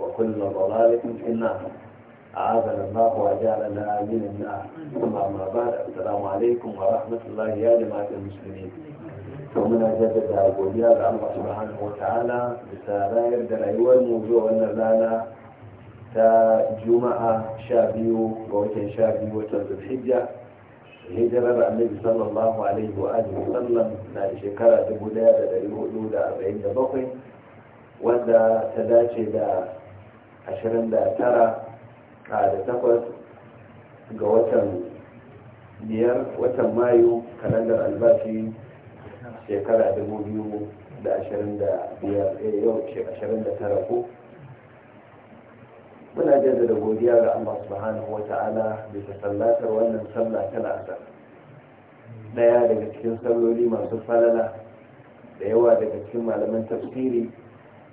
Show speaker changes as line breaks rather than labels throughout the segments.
وكل ضلالة في النار أعاذنا الله وأجعلنا من النار ثم أما بعد السلام عليكم ورحمة الله يا جماعة المسلمين ومن جدد godiya ga Allah subhanahu wa ta'ala bisa rayar da rayuwar mu zuwa wannan rana ta juma'a sha biyu ga watan sha biyu hijirar annabi sallallahu alaihi wa alihi sallam na da shekara dubu da dari hudu da arba'in da bakwai wanda ta dace da ashirin da tara da takwas ga watan biyar watan mayu kalandar albashi shekara dubu biyu da ashirin da eh, tara ko muna jaddada godiya ga Allah subhanahu wa ta'ala ta sallatar wannan sallah ta daya daga cikin salloli masu falala da yawa daga cikin malaman tafsiri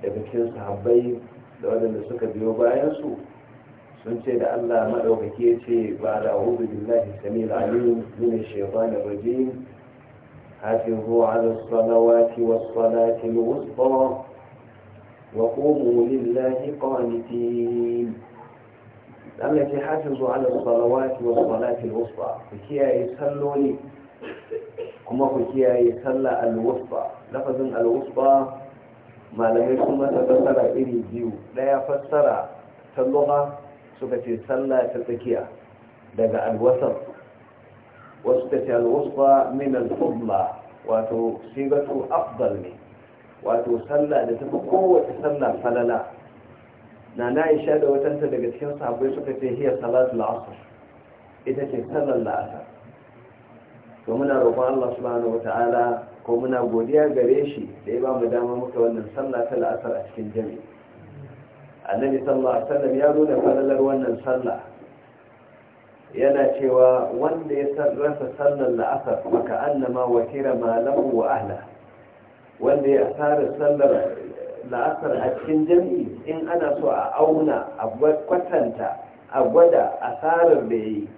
daga cikin sahabbai da waɗanda suka biyo bayansu sun ce da Allah maɗaukaki ya ce ba da hudu billahi samil alim min shaytan rajim hafizu ala salawati was salati mu wusta wa qumu lillahi qanitin Allah ce hafizu ala salawati was salati al-wusta ku kiyaye salloli kuma ku kiyaye sallah al-wusta lafazin al-wusta malamai kuma mata fassara iri biyu ɗaya fassara ta lugha suka ce sallah ta tsakiya daga alwasar wasu ta ce alwasfa min alfudla wato sigatu afdal ne wato sallah da ta fi kowace sallah falala na na isha da watanta daga cikin sahabbai suka ce hiya salatul asr ita ce sallar la'asar to muna roƙon Allah subhanahu wata'ala ko muna godiya gare shi da ya ba mu dama muka wannan sallah ta la'asar a cikin jami'i annabi sallallahu alaihi wasallam ya nuna falalar wannan sallah yana cewa wanda ya rasa sallar la'asar maka annama wa kira malamu wa ahla wanda ya asara sallar la'asar a cikin jami'i in ana so a auna a kwatanta a gwada asarar da ya yi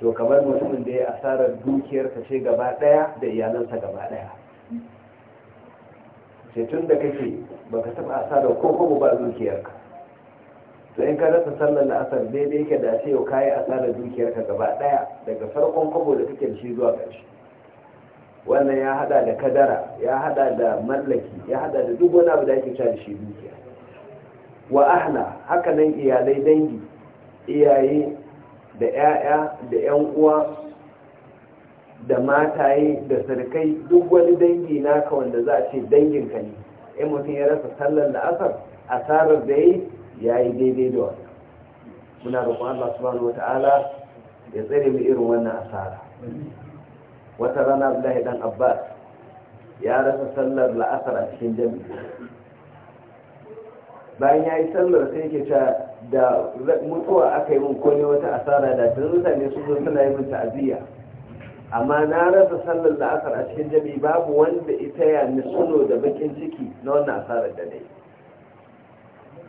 to kamar mutumin da ya asarar ta ce gaba daya da iyalansa gaba daya sai tun da kake baka taba asarar ko kuma ba dukiyarka to in ka rasa sallar la'asar daidai yake da ce yau yi asarar dukiyarka gaba daya daga farkon kwabo da kake da shi zuwa ƙarshe wannan ya hada da kadara ya hada da mallaki ya hada da duk wani abu da ake cewa da shi dukiya wa ahla haka nan iyalai dangi iyaye da 'ya'ya da 'yan uwa da mataye da sarkai duk wani dangi naka wanda za a ce danginka ne in mutum ya rasa sallar da asar asarar da yayi ya yi daidai da wannan muna kuma Allah subhanahu wata'ala ya tsare mu irin wannan asara wata rana Abdullahi dan Abbas ya rasa sallar la'asar a cikin jami'a bayan ya yi sallar sai yake ta da mutuwa aka yi min kone wata asara da tun mutane su zo suna yi mun ta'aziyya amma na rasa sallar da asar a cikin jami babu wanda ita ya nisuno da bakin ciki na wannan asarar da dai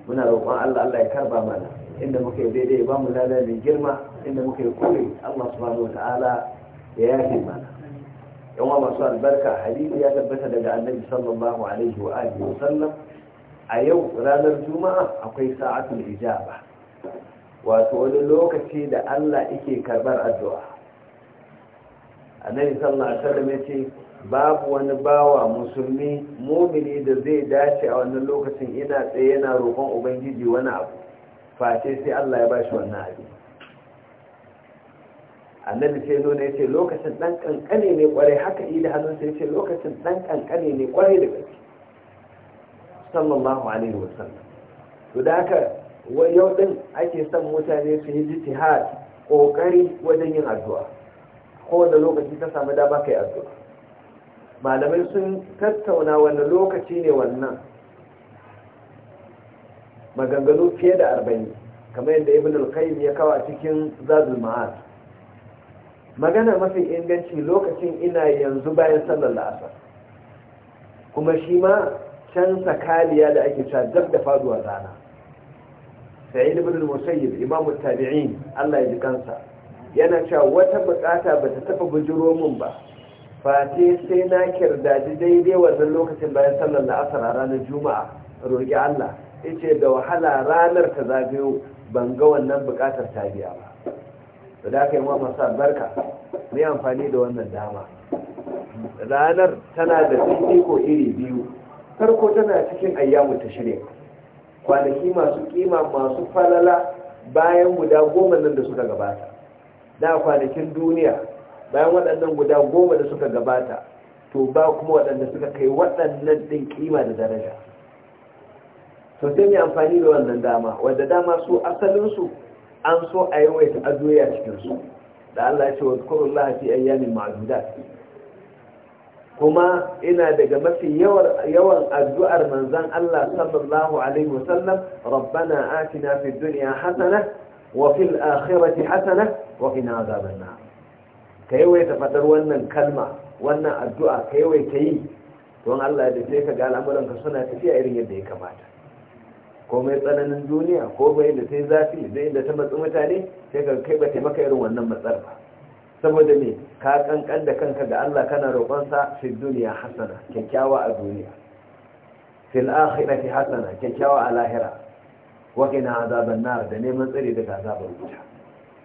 muna roƙon Allah Allah ya karba mana inda muka yi daidai ba mu lada mai girma inda muka yi kure Allah subhanahu wa ta'ala ya yafe mana yawan masu albarka hadisi ya tabbata daga annabi sallallahu alaihi wa alihi wa sallam a yau ranar juma'a akwai sa'atul ijaba wato wani lokaci da Allah yake karbar addu'a annabi sallallahu alaihi wasallam yace babu wani bawa musulmi mumini da zai dace a wannan lokacin ina tsaye yana roƙon ubangiji wani abu face sai Allah ya bashi wannan abu annabi sai zo ne yace lokacin dan kankane ne kwarai haka idan da hannunsa yace lokacin dan kankane ne kwarai da gaske sallallahu alaihi wasallam to da haka yau din ake son mutane su yi jitihad kokari wajen yin addu'a Ko da lokaci ka samu dama kai addu'a malamai sun tattauna wani lokaci ne wannan maganganu fiye da arba'in kamar yadda ibn al-qayyim ya kawo a cikin zadul ma'ad magana mafi inganci lokacin ina yanzu bayan sallar la'asar kuma shi ma can sakaliya da ake cewa dab da faduwa rana sai ibn al-musayyib imamu tabi'in Allah ya ji kansa yana cewa wata bukata bata tafa bujiro mun ba fate sai na kirdaji daidai wannan lokacin bayan sallar la'asar a ranar juma'a roki Allah yace da wahala ranar ta zagayo ban ga wannan bukatar tabiya ba to da kai ma masa barka mu amfani da wannan dama ranar tana da ko iri biyu farko tana cikin ayyamu ta shirya kwanaki masu kima masu falala bayan guda goma nan da suka gabata da kwanakin duniya bayan waɗannan guda goma da suka gabata to ba kuma waɗanda suka kai waɗannan ɗin kima da daraja to sai mai amfani da wannan dama wadda dama su asalinsu an so a yawaita adoya cikinsu da Allah ya ce wa zukurullah fi ayyamin ma'dudat kuma ina daga mafi yawan addu'ar manzan Allah sallallahu Alaihi wasallam rabbana atina fi duniya hasana wa fil akhirati hasana wa qina azaban nar kai wai ta wannan kalma wannan addu'a kai wai ka yi don Allah da sai ka ga al'amuran ka suna tafiya irin yadda ya kamata mai tsananin duniya komai da sai zafi da inda ta matsi mutane sai ka kai ba taimaka irin wannan matsar ba saboda me ka kankan da kanka ga Allah kana roƙonsa fi duniya hasana kyakkyawa a duniya fil akhirati hasana kyakkyawa a lahira wa kina azaban nar da neman tsare daga azabar wuta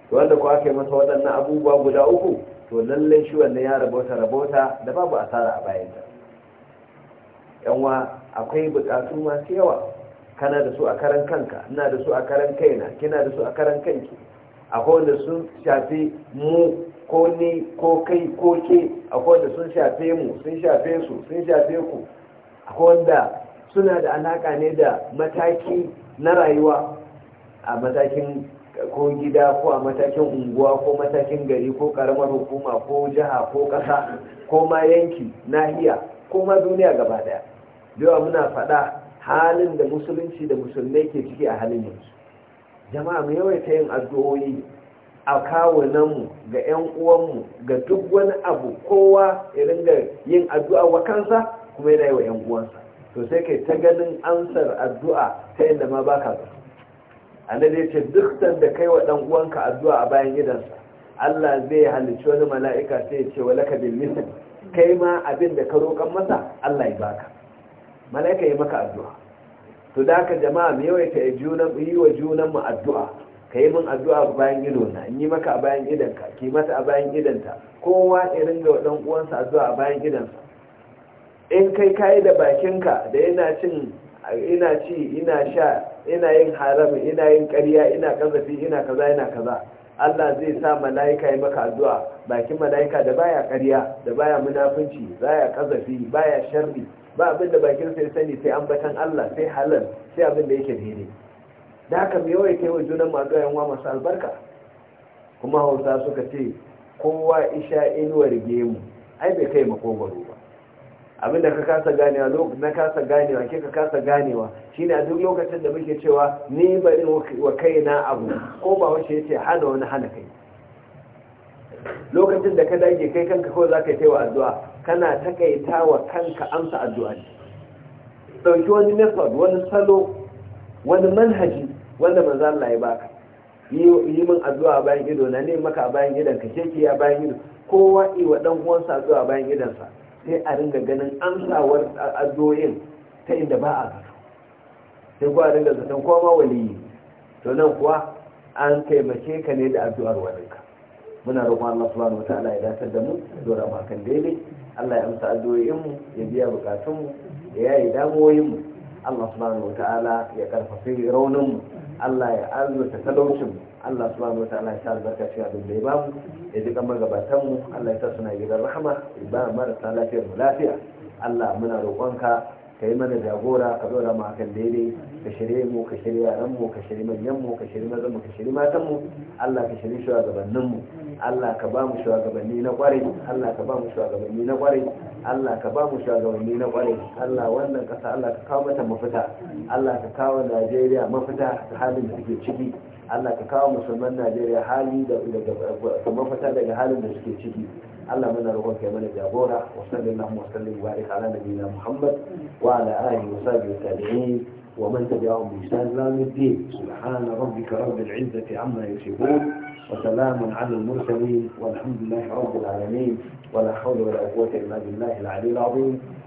to wanda ko aka yi masa waɗannan abubuwa guda uku to lalle shi wannan ya rabota rabota da babu asara a bayan ta yanwa akwai buƙatu masu yawa kana da su a karan kanka ina da su a karan kaina kina da su a karan kanki akwai wanda sun shafi mu ko ni ko kai ko ke akwai wanda sun shafe mu sun shafe su sun shafe ku akwai wanda suna da alaka ne da mataki na rayuwa a matakin ko gida ko a matakin unguwa ko matakin gari ko karamar hukuma ko jiha ko ƙasa, ko ma yanki nahiya ko ma duniya gaba daya yawa muna faɗa halin da musulunci da musulmai ke ciki a halin yanzu jama'a mu yawaita yin addu'o'i a kawunanmu ga 'yan uwanmu ga duk wani abu kowa ya ringa yin addu'a wa kansa kuma yana yi wa 'yan uwansa to sai kai ta ganin ansar addu'a ta yadda ma ba ka zato annabi ce duk da kai wa ɗan uwanka addu'a a bayan gidansa Allah zai halicci wani mala'ika sai ya ce wa bil kai ma abin da ka roƙan masa Allah ya baka mala'ika ya maka addu'a to da haka jama'a mu yawaita yi wa junan mu addu'a ka yi min addu'a bayan ido na in yi maka a bayan idanka ki mata a bayan idanta kowa ya ringa dan uwansa addu'a a bayan idansa in kai kayi da bakinka da yana cin ina ci ina sha ina yin haram ina yin ƙarya ina kazafi ina kaza ina kaza Allah zai sa mala'ika yi maka addu'a bakin mala'ika da baya ƙarya da baya munafunci baya kazafi baya sharri ba abin da bakin sai sani sai batan Allah sai halal sai abinda yake daidai da aka mai yawai yi wa junan masu yawan wa masu albarka kuma hausa suka ce kowa isha inuwar gemu ai bai kai makogwaro ba abinda ka kasa ganewa na kasa ganewa ke ka kasa ganewa shine a duk lokacin da muke cewa ni bari wa kai na abu ko ba wace yace hana wani hana kai lokacin da ka dage kai kanka ko za ka yi wa addu'a kana takaita wa kanka amsa addu'a ɗauki wani method wani salo wani manhaji wanda manzo Allah ya baka yi min addu'a bayan ido na ne maka bayan idan ka keke ya bayan ido kowa yi wa dan uwansa addu'a bayan idansa sai a ringa ganin amsawar addu'o'in ta inda ba a zato sai kuwa ringa zaton koma waliyi to nan kuwa an taimake ka ne da addu'ar waninka muna roƙon Allah subhanahu wa ta'ala ya dace da mu dora makan daidai Allah ya amsa addu'o'in mu ya biya bukatun mu ya yayi damuwoyin mu Allah subhanahu ta'ala ya karfafi raunin mu Allah ya azurta talaucin mu Allah subhanahu ta'ala ya sa albarka cikin abin da ya bamu ya ji kamar gabatan mu Allah ya sa suna gidan rahama ya ba marasa lafiyar mu lafiya Allah muna roƙonka ka yi mana jagora ka zaura mu akan daidai ka shirye mu ka shirye yaran mu ka shirye manyan mu ka shirye mazan mu ka shirye matan mu Allah ka shirye shugabannin mu Allah ka ba mu shugabanni na kwarai Allah ka ba mu shugabanni na kwarai Allah ka ba mu shugabanni na kwarai Allah wannan kasa Allah ka kawo mata mafita Allah ka kawo Najeriya mafita halin da take ciki Allah ka kawo musulman Najeriya hali da mafita daga halin da suke ciki Allah muna roƙon kai mana jagora wa sallallahu wa sallim wa barik ala nabiyina Muhammad wa ala alihi wa sahbihi tabi'in wa man tabi'ahum bi ihsan ila yawmiddin subhana rabbika rabbil izzati amma yasifun wa salamun ala al mursalin وسلام على المرسلين والحمد لله رب العالمين ولا حول ولا قوة إلا بالله العلي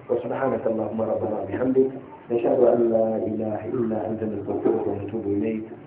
wa subhanaka allahumma rabbana وبحمدك نشهد أن لا إله إلا أنت نستغفرك ونتوب إليك